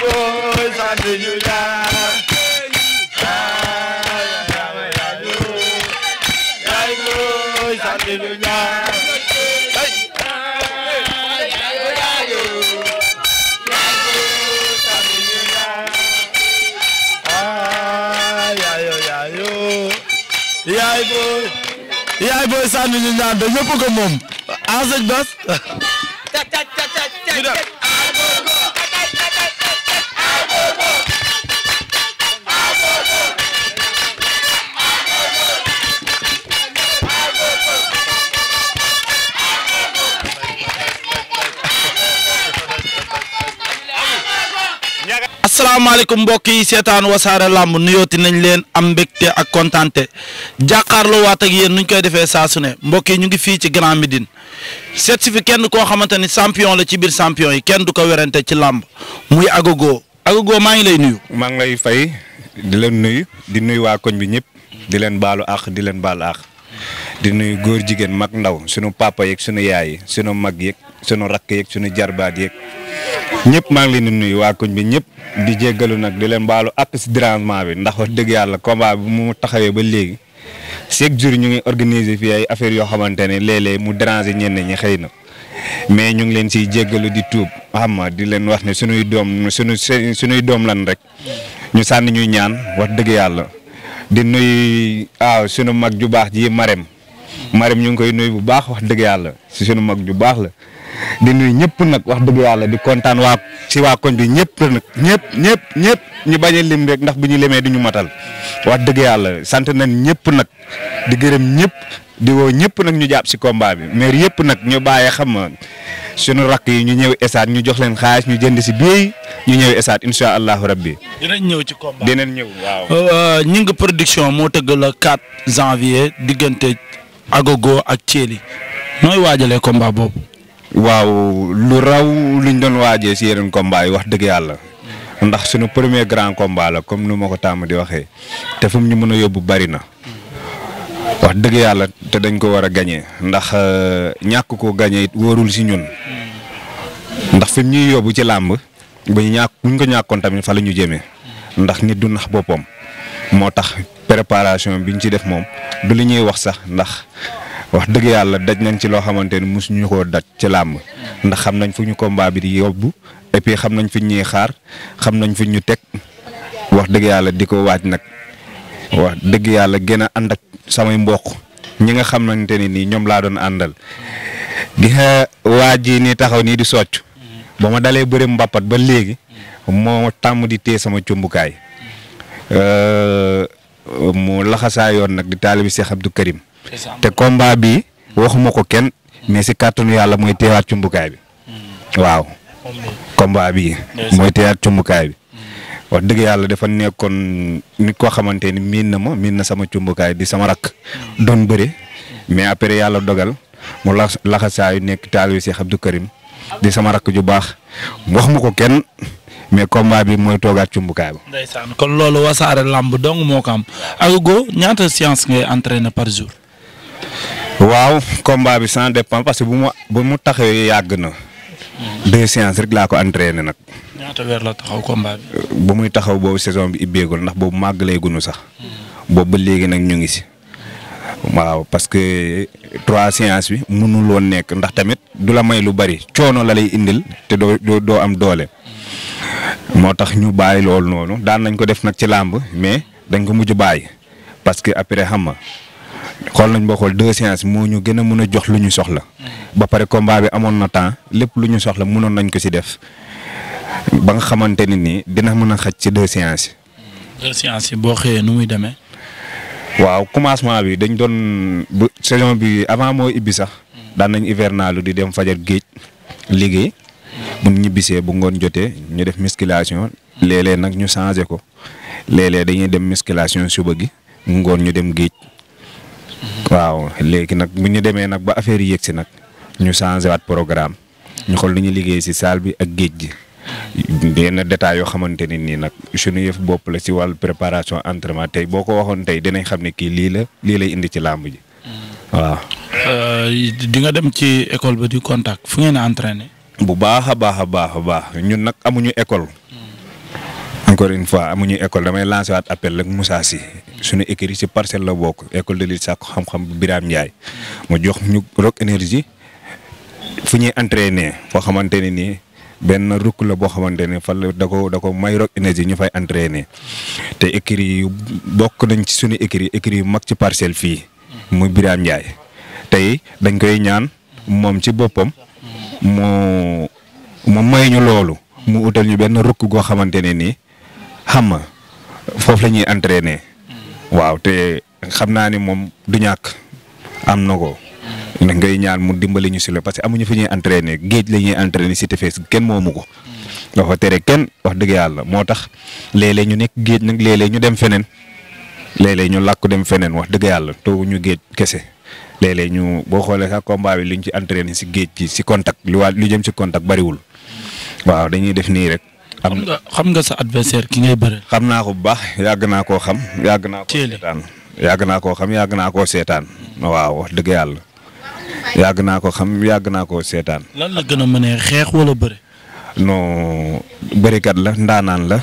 boys and the Julian. Hallelujah. yaay booy yaay booy sànni ñu ñaan te ñëpp ko moom en ce asalaamaaleykum mbokk yi seetaan wasaare làmb nuyooti nañ leen am mbégte ak kontante jàkkaarloo waat ak yéen nuñ koy defee saa su ne mbokk yi ñu ngi fii ci Grand Médine seet si fi kenn koo xamante ni sampion la ci biir sampion yi kenn du ko werante ci làmb muy Agogo Agogo maa ngi lay nuyu. maa ngi lay fay di leen nuyu di nuyu waa koñ bi ñëpp di leen baalu àq di leen baalu àq di nuyu góor jigéen mag ndaw sunu papa yeeg sunu yaay sunu mag yeeg sunu rakk yeeg sunu jarbaat yeeg ñëpp maa ngi leen di nuyu waa koñ bi ñëpp di jéggalu nag di leen baalu ak si dérangement bi ndax wax dëgg yàlla combat bi mu taxawee ba léegi chaque jour ñu ngi organiser fii ay affaires yoo xamante ne léeg-léeg mu déranger ñenn ñi xëy na mais ñu ngi leen siy jéggalu di tuub xam nga di leen wax ne sunuy doom sunu sunuy doom lan rek ñu sànni ñuy ñaan wax dëgg yàlla di nuyu waaw sunu mag ju baax ji Marème Marème ñu ngi koy nuyu bu baax wax dëgg yàlla si sunu mag ju baax la. di nuyu ñëpp nag wax dëgg yàlla di kontaan waa ci waa koñ bi ñëpp nag ñëpp ñëpp ñëpp ñu bañ a lim rek ndax bu ñu lemee du ñu matal wax dëgg yàlla sant nañ ñëpp nag di gërëm ñëpp di woo ñëpp nag ñu jàpp si combat bi mais yëpp nag ñu bàyyi xam ma sunu rakk yi ñu ñëw esaat ñu jox leen xaalis ñu jënd si biir ñu ñëw esaat incha allahu rabbi. dinañ ñëw ci combat dinañ ñëw waaw. Euh, euh, ñi nga production moo tëgg la 4 janvier diggante Agogo ak Thieli nooy waajalee combat boobu. waaw lu raw luñ doon waajee si yeneen combat wax dëgg yàlla ndax suñu premier grand combat la comme nu ma ko tàmm di waxee te fu mu ñu mën a yóbbu bari na wax dëgg yàlla te dañ ko war a gañee ndax euh, ñàkk ko gañee it wóorul si ñun ndax fi mu ñuy yóbbu ci làmb ba ñu ko ñàkkoon tamit fa la ñu jëmee ndax nit du nax boppam moo tax préparation biñ ci def moom du li ñuy wax sax ndax. wax dëgg yàlla daj nañ ci loo xamante ni mosuñu koo daj ci làmb ndax xam nañ fu ñu combat bi di yóbbu et xam nañ fi ñuy xaar xam nañ fi ñu teg wax dëgg yàlla di ko waaj nag wax dëgg yàlla gën a ànd ak samay mboq ñi nga xamante ni nii ñoom laa doon àndal di waa ji ni taxaw nii di socc ba ma dalee bari mbàppat ba léegi moo tàmm di téye sama cumbukaay euh, mu laxasaa yoon nag di taalibi Cheikh Abdou Karim te combat bi waxuma ko kenn mais si kàttanu yàlla mooy teewaat cumbukaay bi mm. waaw combat bi mooy teewaat cumbukaay bi mm. dëgg yàlla dafa nekkoon nit koo xamante ni miin na ma miin na sama cumbukaay di sama rakk mm. doon bëre mais après yàlla dogal mu la laxasaayu nekk taalibi Cheikh Abdou Karim di sama rakk ju baax wax ma ko kenn mais combat bi mooy toogaat cumbukaay ba. kon loolu wasaare lamb dong moo ko am Agogo ñaata séance ngay entraîner par jour. waaw combat bi sans dépend parce que bu ma bu mu taxawee yàgg na. deux séances rek laa ko entraîné nag. ñaata weer la taxaw combat bi. Euh, bu muy taxaw boobu saison bi ibbeegul ndax boobu màgg màggalee gunu sax. boobu ba léegi nag ñu ngi si. waaw parce que trois séances bi mënul woon nekk ndax tamit du la may lu bari coono la lay indil te doo doo am doole. moo tax ñu bàyyi loolu noonu daan nañ ko def nag ci làmb mais dañ ko mujj bàyyi parce que après xam nga xool nañ boo xool deux séances moo ñu gën a mën a jox lu ñu soxla. ba pare combat bi amoon na temps lépp lu ñu soxla munoon nañ ko si def ba nga xamante ne nii dina mën a xaj ci deux séances. deux yi boo xëyee nu muy demee. waaw commencement bi dañ doon bu saison bi avant moo ibbi sax. daan nañ lu di dem fajar géej liggéey. mun ñibbisee bu ngoon jotee ñu def musculation. léeg nag ñu changé ko léeg dañuy dem musculation suba gi ngoon ñu dem géej. waaw léegi nag bu ñu demee nag ba affaire yéeg si nag ñu changé waat programme ñu xool lu ñu liggéey si salle bi ak géej gi. yenn détails yoo xamante ne nii nag suñu yëf bopp la si wàllu préparation entrement tey boo ko waxoon tey dinañ xam ne kii lii la lii lay indi ci làmb ji. waaw. Euh, di nga dem ci école ba di contact fu ngeen a entraîné. bu baax a baax a baax a baax ñun nag amuñu école. encore une fois amuñu école damay lancé waat appel rek Moussa Sy suñu écurie ci parcelle la bokk école de lutte sàkku xam-xam Birame Ndiaye mu jox ñu Rock Énergie fu ñuy entraîner foo xamante ne nii benn rukk la boo xamante ne fa da ko da ko may Rock ñu fay entraîner te écurie yu bokk nañ ci suñu écurie écurie yu mag ci parcelle fii muy Birame Ndiaye tey dañ koy ñaan moom ci boppam mu mu loolu mu utal ñu benn rukk goo xamante ne nii xam nga foofu la ñuy entraîner waaw te xam naa ni moom du ñàkk am na ko. ngay ñaan mu dimbali ñu si la parce que amuñu fi ñuy entraîner géej la ñuy entraîner si tefes kenn moomu ko. dafa tere kenn wax dëgg yàlla moo tax léeg ñu nekk géej nag léeg ñu dem feneen léeg ñu làkk dem feneen wax dëgg yàlla toogu ñu géej kese. léeg ñu boo xoolee sax combat bi ñu ci entraîné si géej gi si contact lu waa lu jëm si contact bariwul waaw dañuy def nii rek. xam nga xam nga sa adversaire ki ngay bëre. xam naa ko bu baax yàgg naa koo xam. yàgg naa koo seetaan yàgg naa koo xam yàgg naa koo seetaan. waaw wax dëgg yàlla. yàgg naa ko xam yàgg naa koo seetaan. lan la gën a mënee xeex wala bëre. non bërikat la ndaanaan la.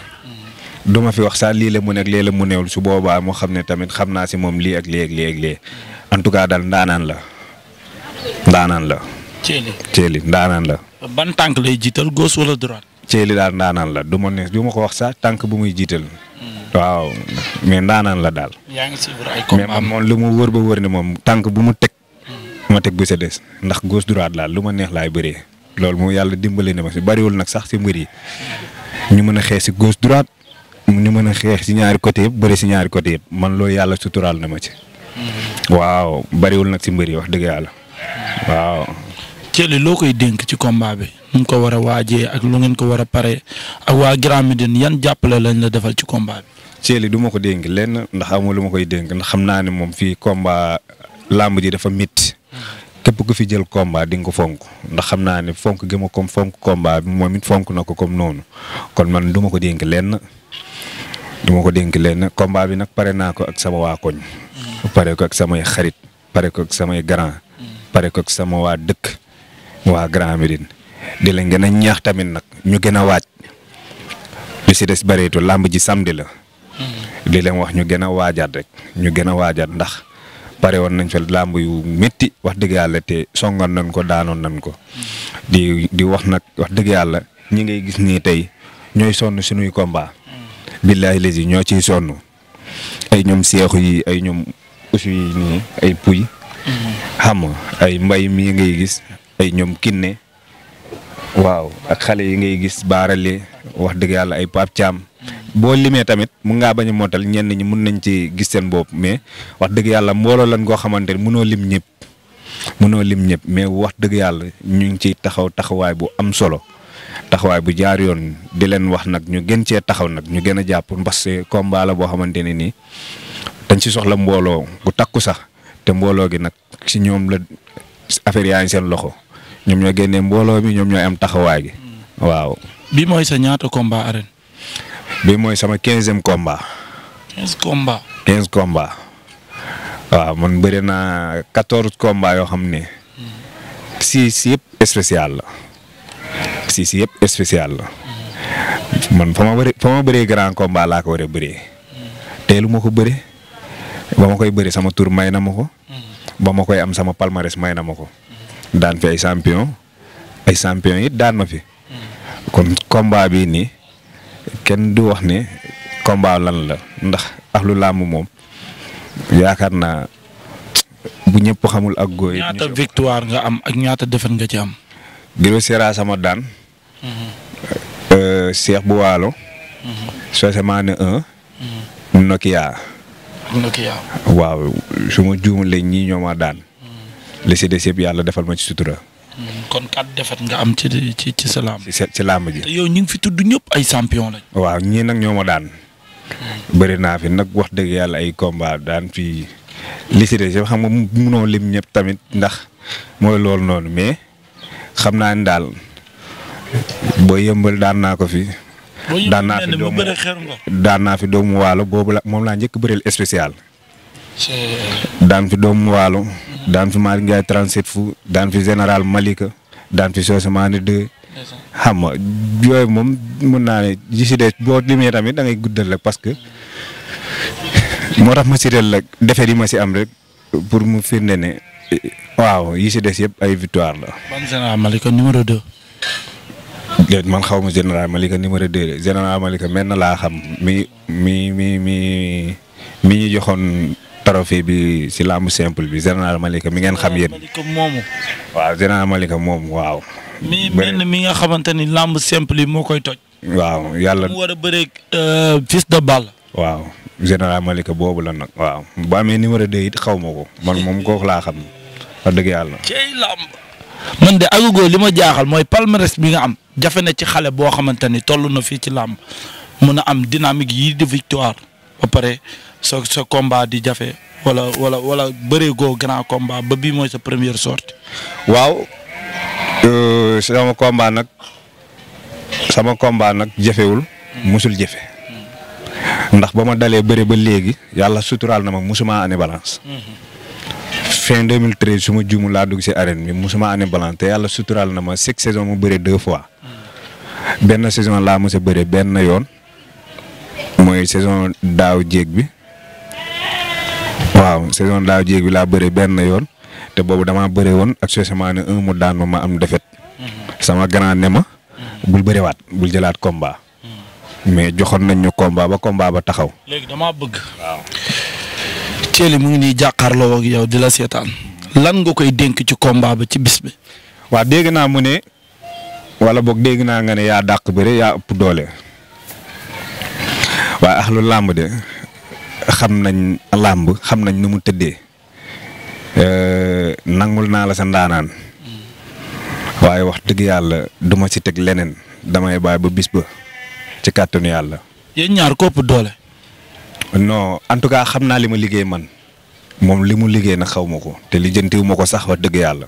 duma ma fi wax sax lii la mu nekk lii la mu newul su boobaa moo xam ne tamit xam naa si moom lii ak lii ak lii ak lii en tout cas daal ndaanaan la ndaanaan la. Thielly ndaanaan la. ban tànk lay jiital gauche wala droite. Céeli daal ndaanaan la du ma ne ma ko wax sax tànk bu muy jiital. waaw mais ndaanaan la daal. yaa ngi suivre ay mais moom lu mu wër ba wër ne moom tànk bu mu teg. ma teg bu sa des ndax gauche droite daal lu ma neex laay bëree. loolu moom yàlla dimbali na ma si bariwul nag sax si mbër yi ñu mën a xeex si gauche droite ñu mën a xeex si ñaari côté yëpp bëri si ñaari côté yëpp man loolu yàlla suturaal na ma ci. Mm-hmm. waaw bariwul nag si mbër yi wax dëgg yàlla waaw. Kelly loo koy dénk ci combat bi nu ko war a waajee ak lu ngeen ko war a pare ak waa Grand Médine yan jàppale lañ la defal ci combat bi. Kelly du ko dénk lenn ndax amul lu ma koy dénk ndax xam naa ne moom fii combat làmb ji dafa mit képp ku fi jël combat di ko fonk ndax xam naa ne fonk gi ma comme fonk combat bi moom it fonk na ko comme noonu kon man du ko dénk lenn du ko dénk lenn combat bi nag pare naa ko ak sama waa koñ. Mm. pare ko ak samay xarit pare ko ak samay grand. Mm. pare ko ak sama waa dëkk. waa Grand Médine di leen gën a ñaax tamit nag ñu gën a waaj lu si des bëreetu làmb ji samedi la. Hmm. di leen wax ñu gën a waajaat rek ñu gën a waajaat ndax pare woon nañ fa làmb yu métti wax dëgg yàlla te songoon nañ ko daanoon nañ ko. Hmm. di di wax nag wax dëgg yàlla ñi ngay gis nii tey ñooy sonn suñuy combat. Hmm. billahi léegi ñoo ciy sonn ay ñoom seexu yi ay ñoom usu yi nii ay puy. xam ay mbay mii ngay gis. ay ñoom kin ne waaw ak xale yi ngay gis baarale wax dëgg yàlla ay Pape Thiam boo limee tamit mun ngaa bañ a mootal ñenn ñi mun nañ ci gis seen bopp mais wax dëgg yàlla mbooloo lañ koo xamante ni munoo lim ñëpp munoo lim ñëpp mais wax dëgg yàlla ñu ngi ciy taxaw taxawaay bu am solo taxawaay bu jaar yoon di leen wax nag ñu gën cee taxaw nag ñu gën a jàpp parce que combat boo xamante ne nii dañ ci soxla mbooloo gu takku sax te mbooloo gi nag ci ñoom la affaire yaa loxo. ñoom ñoo génnee mbooloo mi ñoom ñooy am taxawaay mm. waaw. bii mooy sa ñaata combat arène. bi mooy sama quinzième combat. quinze combat. quinze waaw man bëri naa quatorze combat yoo xam ne. six yëpp spécial la. six yëpp spécial la. man fa ma bëri fa ma grand combat laa ko war a bëree. teelu ma ko bëree. ba ma koy bëri sama tur may na ma ko. Mm. ba ma koy am sama palmarès may na ma ko. daan fi ay champion ay champion it daan na fi. kon combat bi nii kenn du wax ni combat lan la ndax ahlu làmb moom yaakaar naa bu ñëpp xamul ak góoy. ñaata victoire nga am ak ñaata defet nga ci am. Guiro Sera sama daan. Mhm. Euh, Cheikh bu waalo. Mhm. Socemane 1. Mhm. Nokia. Nokia. waaw su ma juumalee ñii ma daan. li si des yàlla defal ma ci sutura. Hmm, kon kat defet nga am ci ci ci sa bi ci ci làmb ji. te yow ñu ngi fi tudd ñëpp ay champion lañ. waaw ñii nag ñoo ma daan. Hmm. bëri naa fi nag wax dëgg yàlla ay combat daan fii li si des yëpp xam nga munoo lim ñëpp tamit ndax mooy loolu noonu mais xam naa ne daal boo yëmbal daan naa ko fi. daan naa fi doomu daan naa fi doomu waalo boobu la moom laa njëkk baril spécial. daan fi doomu waalo. Hmm. daan fi Malick Ndiaye 37 fu daan fi général Malika daan fi Sosamaane 2. xam nga yooyu moom mën naa ne yi si des boo limee tamit da ngay guddal rek parce que moo tax ma si del rek defet yi ma si am rek pour mu firnde ne eh, waaw yi si des yëpp ay victoire la. ban général Malika numéro 2. léegi man xaw ma général Malika numéro 2 général Malika mel na laa xam mi mi mi mi mi ñu joxoon. trophée bi si làmb simple bi général Malika mi ngeen xam yéen. moomu. waaw général Malika moomu waaw. mi mel mi nga xamante ni làmb simple yi moo koy toj. waaw yàlla mu war a bëreeg euh, fils de balle. waaw général Malika boobu la nag. waaw bu amee numéro 2 xaw ma ko moom kooku laa dëgg yàlla. cey làmb. de Agogo li ma jaaxal mooy palmarès mi nga am jafe na ci xale boo xamante ni toll na fii ci làmb mun a am dynamique yii di victoire ba pare sa combat di jafe wala wala wala bëree goo combat ba bii mooy sa première sortie. waaw euh, sama combat nag sama combat nag jafewul. musul jafe. ndax ba ma dalee bëri ba léegi yàlla suturaal na ma musuma année balance. fin 2013 su ma laa dugg si arène bi musuma année balance te yàlla suturaal na ma six saison mu bare deux fois. benn saison laa mos a bëree benn yoon. mooy saison daaw jéeg bi waaw saison daaw jéeg bi laa bëree benn yoon te boobu damaa bëree woon actuellement ne un mu daan ma ma am defet sama grand ne ma bul bëriwaat bul jëlaat komba mais joxoon nañ ñu komba ba combat ba taxaw. léegi damaa bëgg. waaw. mu ngi nii jàkkaarloo ak yow di la seetaan lan nga koy dénk ci komba ba ci bis bi. waaw dégg naa mu ne walla boog dégg naa nga ne yaa dàq bëre yaa ëpp doole waaye axlu làmb de xam nañ làmb xam nañ nu mu tëddee euh, nangul naa la sa ndaanaan waaye wax dëgg yàlla duma ma si teg leneen damay bàyyi ba bis ba ci kàttanu yàlla. yéen ñaar kopp doole. non en tout cas xam naa li ma liggéey man moom li mu liggéey na xawuma ko te li jëntiw ma ko sax wax dëgg yàlla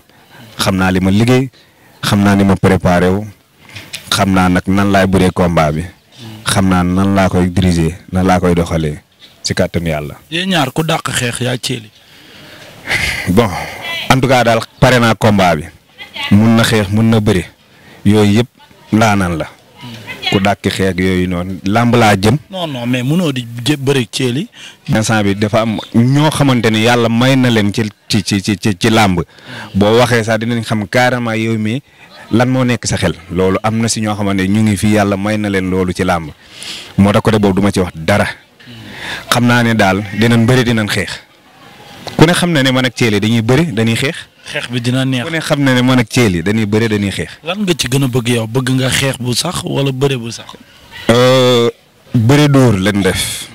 xam naa li ma liggéey xam naa ni ma préparé wu xam naa nag nan laay bëree combat bi xam naa nan laa koy diriger na laa koy doxalee. ci kàttanu yàlla. yéen ñaar ku dàq xeex yaa ceeli. bon en tout cas daal pare naa combat bi mun na xeex mun na bëri yooyu yëpp ndaanaan la. ku dàq xeex yooyu noonu làmb laa jëm. non non mais munoo di jë bëri ceeli. instant bi dafa am ñoo xamante ni yàlla may na leen ci ci ci ci ci ci làmb boo waxee sax dinañ xam carrément yow mii lan moo nekk sa xel loolu am na si ñoo xamante ne ñu ngi fii yàlla may na leen loolu ci làmb moo tax côté boobu du ma ci wax dara. xam naa ne daal dinañ bëri dinañ xeex ku ne xam na ne man ak Thielly dañuy bëri dañuy xeex. xeex bi dina neex ku xam na ne man ak Thielly dañuy bëri dañuy xeex. lan nga ci gën a bëgg yow bëgg nga xeex bu sax wala bëri bu sax. Euh, bëri dóor lañ def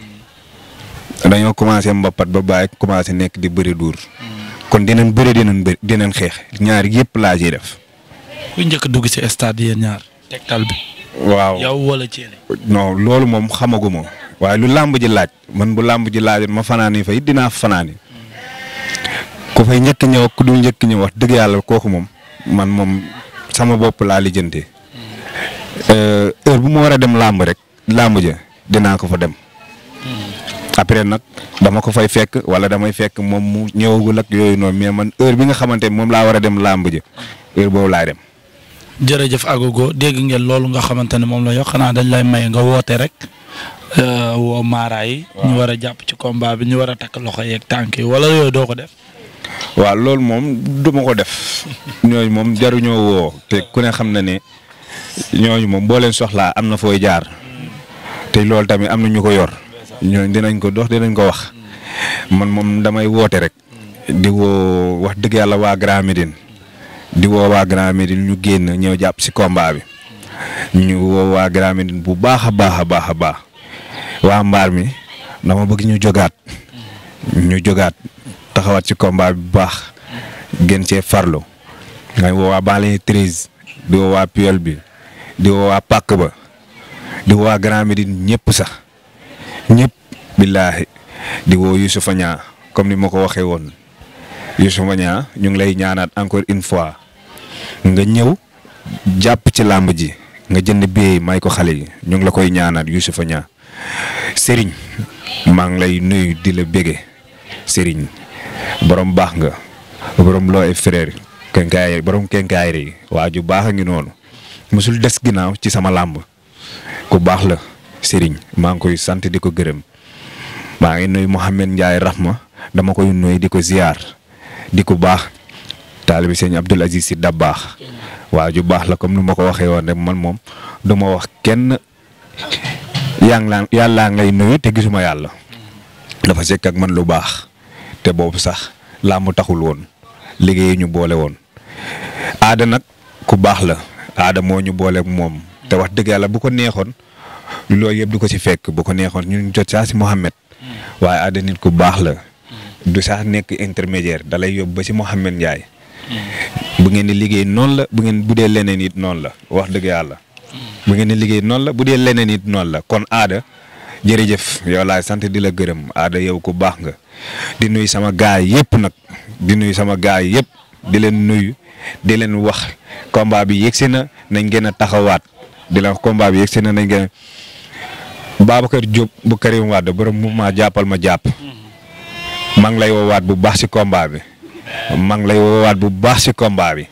dañoo commencé mbapat ba bàyyi commencé nekk di bëri duur kon denan bëri dinañ bëri xeex ñaar yëpp laa ciy def. ku njëkk dugg ci stade yéen ñaar tegtal bi. waaw yow wala Thielly. non loolu moom xamaguma waaye lu làmb ji laaj man bu làmb ji laajoon ma fanaani fa it dinaa fanaani ko fay njëkk ñëw ak ku dul njëkk ñëw wax dëgg yàlla kooku moom man moom sama bopp laa lijjantee euh, heure bu ma war a dem làmb rek làmb ja dinaa ko fa dem. après nag dama ko fay fekk wala damay fekk moom mu ñëwagul ak yooyu noonu mais man heure bi nga xamante moom laa war a dem làmb ja heure boobu laa dem. jërëjëf Agogo dégg ngeen loolu nga xamante ne moom la yor xanaa dañ lay may nga woote rek. Euh, woo maara yi. ñu war a jàpp ci kombaa bi ñu war a takk loxo yeeg tànk yi wala yooyu doo ko def. waaw loolu moom duma ko def. ñooñu moom jaruñoo woo te ku ne xam na ne ñooñu moom boo leen soxlaa am na fooy jaar te loolu tamit am na ñu ko yor ñooñu dinañ ko dox dinañ ko wax man moom damay woote rek. di woo wax dëgg yàlla waa Grand Médine di woo waa Grand Médine ñu génn ñëw jàpp si kombaa bi ñu woo waa Grand bu baax a baax a baax a baax. waa mbaar mi dama bëgg ñu jogaat ñu jogaat taxawaat ci combat bu baax gën cee farlu ngay woo waa Banlieue bi di woo waa ba di waa Grand ñëpp sax ñëpp billaahi di woo Youssoufa comme ni ma ko waxee woon Youssoufa ñu ngi lay ñaanaat encore une fois nga ñëw jàpp ci làmb ji nga jënd bee may ko xale yi ñu ngi la koy ñaanaat Youssoufa Niang sëriñ maa ngi lay nuyu di la bége sëriñ borom baax nga borom loo ay kenkaay boroom kenkaay yi waa ju baax a ngi noonu mosul des ginnaaw ci sama làmb ku baax la sëriñ maa ngi koy sant di ko gërëm maa ngi nuyu Mouhamed Ndiaye Rahma dama koy nuyu di ko ziar di ku baax taalibi sëñ Abdoul Aziz si baax waa ju baax la comme ni ma ko waxee woon rek man moom duma wax kenn. yaa ngi yàllaa ngay nuyu te gisuma yàlla. dafa sekk ak man lu baax te boobu sax làmb taxul woon liggéey ñu boole woon aada nag ku baax la aada moo ñu boole moom te wax dëgg yàlla bu ko neexoon loolu yëpp du ko ci fekk bu ko neexoon ñun jot saa ci Mouhamed waaye aada nit ku baax la du sax nekk intermédiaire dalay lay yóbbu ba ci Mouhamed Ndiaye bu ngeen di liggéey noonu la bu ngeen bu dee leneen it noonu la wax dëgg yàlla. bu ngeen liggéey noonu la bu dee leneen it noonu la kon aada jërëjëf yow laay sant di la gërëm aada yow ku baax nga di nuyu sama gaay yëpp nag di nuyu sama gaay yëpp di leen nuyu di leen wax combat bi yegsi na nañ gën a taxawaat di leen wax combat bi yegsi na nañ gën a kër Diop bu Karim Wade borom mouvement jàppal ma jàpp maa ngi lay woowaat bu baax si komba bi lay woowaat bu baax si combat bi.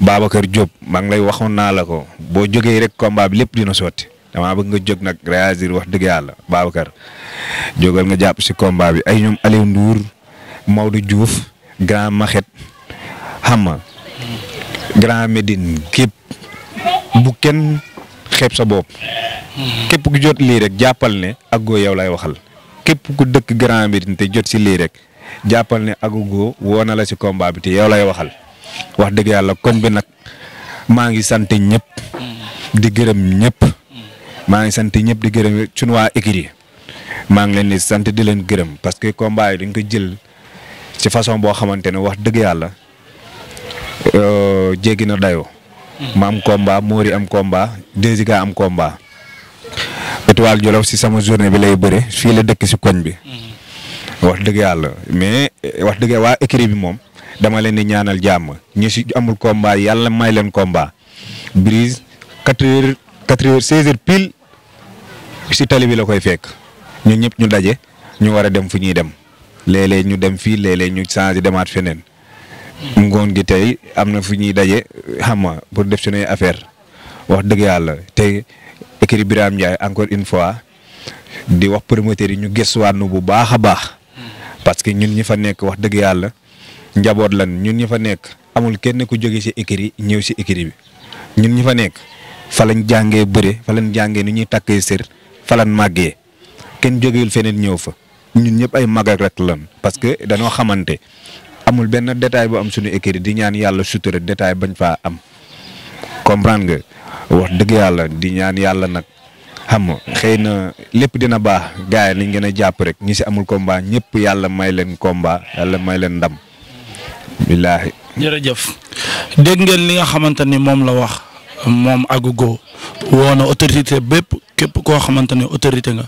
Babacar Diop maa ngi lay waxoon naa la ko boo jógee rek combat bi lépp dina sotti damaa bëgg nga jóg nag réagir wax dëgg yàlla Babacar jógal nga jàpp si combat bi ay ñoom Aliou Ndour Maodo juuf grand Maxet xam nga grand Médine képp bu kenn xeeb sa bopp. képp ku jot lii rek jàppal ne Ago yow lay waxal képp ku dëkk grand jot si lii rek jàppal ne Agogo woo na la si combat bi te yow lay waxal. wax dëgg yàlla koñ bi nag maa ngi sant ñëpp. di gërëm ñëpp. maa ngi sant ñëpp di gërëm suñu waa écurie maa ngi leen di sant di leen gërëm parce que combat yi dañ ko jël ci façon boo xamante ne wax dëgg yàlla euh, jéggi na dayoo. ma am komba Mori am combat Désika am combat. Étoile Jolof si sama journée bi lay bëre fii la dëkk si koñ bi. Mm-hmm. wax dëgg yàlla mais eh, wax dëgg waa écurie bi moom. dama leen di ñaanal jàmm ñi si amul komba yàlla may leen komba Brise quatre heures quatre heures seize heures pile si tali la koy fekk ñun ñëpp ñu daje ñu war a dem fu ñuy dem léeg ñu dem fii léeg ñu changé demaat feneen ngoon gi tey am na fu ñuy daje xama nga pour def suñuy affaire wax dëgg yàlla tey écrit am Ndiaye encore une fois di wax promoteurs yi ñu gëstuwaat nu bu baax a baax parce que ñun ñi fa nekk wax dëgg yàlla njaboot lan ñun ñi fa nekk amul kenn ku joge si écurie ñëw si écurie bi ñun ñi fa nekk fa lañ jàngee bëre faleen lañ jàngee nu ñuy takkee sër fa lañ màggee kenn jógewul feneen ñëw fa ñun ñëpp ay mag ak lan parce que dañoo xamante amul benn détail bu am suñu écurie di ñaan yàlla sutura détail bañ faa am comprendre nga wax dëgg yàlla di ñaan yàlla nag xam nga xëy na lépp dina baax gars yi nañ gën a jàpp rek ñu si amul combat ñëpp yàlla may leen combat yàlla may leen ndam. billaahi. jërëjëf dégg ngeen li nga xamante ni moom la wax moom Agogo woo na autorité bépp képp koo xamante ne autorité nga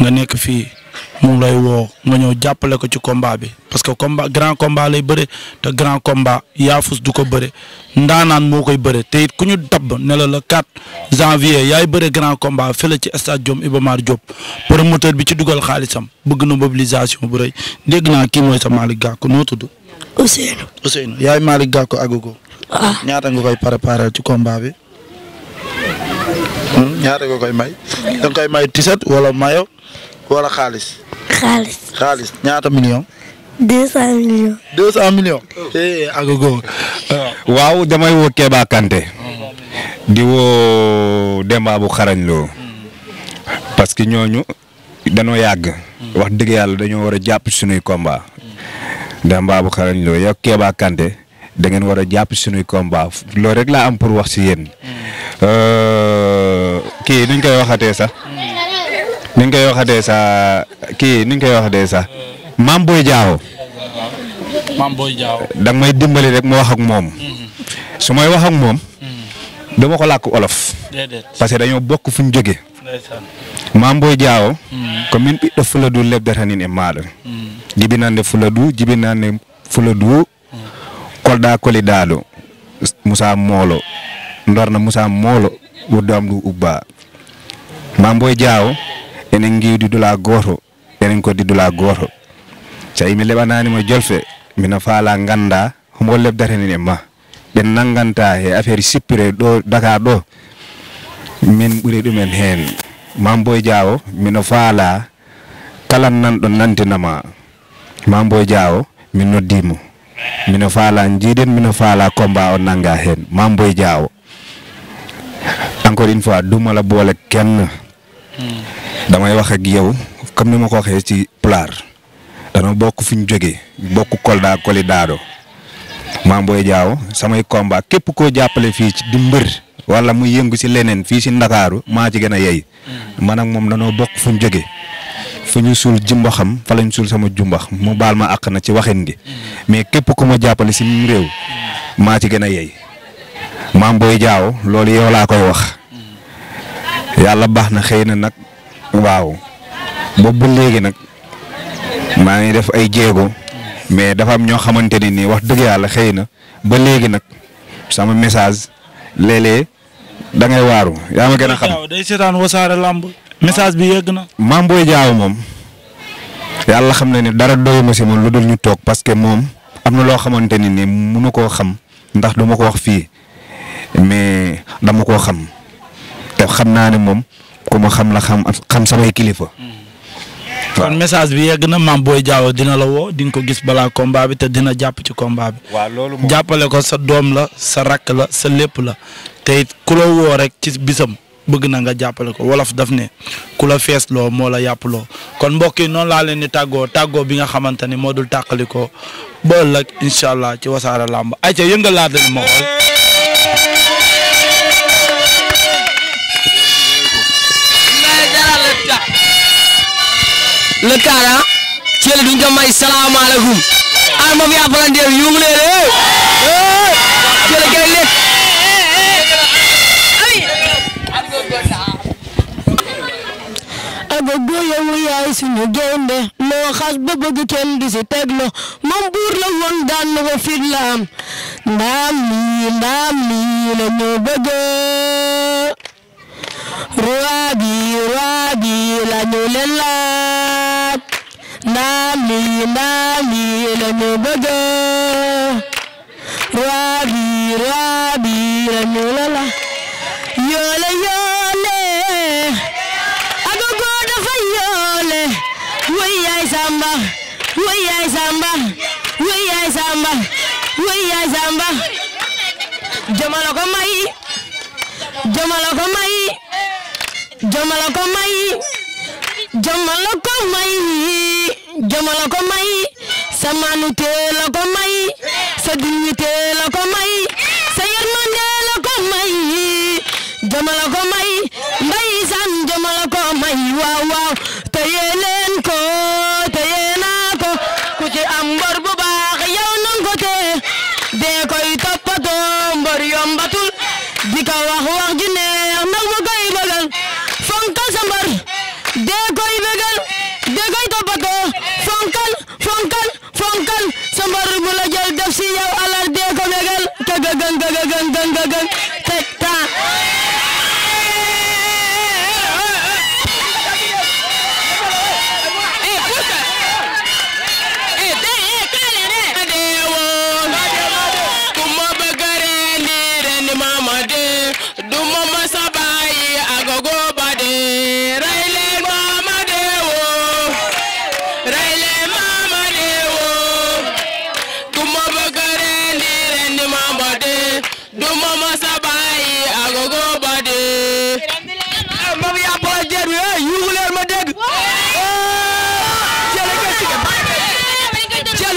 nga nekk fii moom lay woo nga ñëw jàppale ko ci combat bi parce que combat grand combat lay bëre te grand combat yaafus du ko bëre naan moo koy bëre te it ku ñu dab ne la le 4 janvier yaay bëre grand combat fële ci stade Iba Mar Diop promoteur bi ci dugal xaalisam bëgg na mobilisation bu rëy dégg naa kii mooy sa Malick Gakou noo tudd. Ousseynou. Ousseynou yaay Malick Gakou Agogo. waaw ah. ñaata nga koy préparer ci combat bi. Hmm, ñaata nga koy may. da koy may tiset wala mayo wala xaalis. xaalis ñaata million. deux cent millions. deux cent eh, ah. waaw damay woo Kéba di woo Demba bu xarañ loo. parce que ñooñu danoo yàgg. Hmm. wax dëgg yàlla dañoo war a jàpp sunuy komba ndax Babou Xarañ Lo yow Kéba Kanté da ngeen war a jàpp suñuy combat loolu rek laa am pour wax si yéen mm. euh, kii nuñ koy waxatee sax mm. nuñ koy waxatee sax kii nuñ koy waxatee sax maam booy Diaw. maam Boy da may dimbali rek moo wax ak moom. Mm-hmm. su may waxak moom. Mm. dama ko olof. parce que dañoo bokk fu ñu jógee. booy Boy Diaw. commune bi dafa la dul lépp dara ni ne maa jibinande fuladu jibinande fuladu kolɗa koliɗaɗo moussa moolo dorna moussa moolo wurdu am ɗum ubba ma enen gewdi dula goto enen koddi dula goto so tawi mi leɓananimo jolfe mino faala ganda homo lebdatenen e ma ɓe nanganta e affaire sippire ɗo dakar ɗo min ɓuuri ɗumen hen ma mino faala kala nanɗo nantinama mambo diawo min noddimo mino faala jiiɗen mino faala combat o nanga hen mamboy diawo encore une fois du ma la boole kenn damay wax ak yow comme ni ma ko waxee ci pulaar danoo bokk fi ñu jógee bokk Kolda Koli Daado Mamboy Diaw samay combat képp koo jàppale fii ci di mbër wala mu yëngu si leneen fii si Ndakaaru maa ci gën a yey mm. man ak moom danoo bokk fu ñu fa ñu suul jumbaxam fa lañ suul sama jumbax mu baal ma àq na ci waxin gi mais képp ku ma jàppale si réew maa ci gën a yey maam booy jaawo loolu yow laa koy wax yàlla baax na xëy na nag waaw boobu ba léegi nag maa ngi def ay jéego mais dafa am ñoo xamante ne nii wax dëgg yàlla xëy na ba léegi nag sama message léeg-léeg waaru yaa ma gën a xam. day seetaan wasaare lamb. message bi yegg na. maam booy jaaw moom yàlla xam na ne dara doyuma si man lu dul ñu toog parce que moom am na loo xamante ni nii munu koo xam ndax duma ko wax fii mais dama ko xam te xam naa ne moom ku xam la xam xam samay kilifa. message bi yegg na maam booy jaaw dina la woo di nga ko gis balaa combat bi te dina jàpp ci komba bi. waaw jàppale ko sa doom la sa rakk la sa lépp la te ku la woo rek ci bisam. bëgg na nga jàppale ko wolof daf ne ku la fees loo moo la yàpp loo kon mbokk yi noonu laa leen di tàggoo tàggoo bi nga xamante ni moo dul tàqali ko ba ëllëg incha allah ci wasaare làmb ay ca yëngalaat leen ma xool. le kaara ceele duñ ko may salaamaaleykum ar moom yaa palanteer yuuxu leen bëggu yow yaay suñu gaynde loo xas ba bëgg kenn du si teglo moom buur la woon daan na ko fit la am ndaam lii la ñu bëgg roi bi la ñu la ñu yoole woy yaay Samba woy yaay Samba woy yaay Samba woy yaay may jomala ko may jomala ko may jomala ko may jomala ko may sama nu may gang gang gang gang gang gang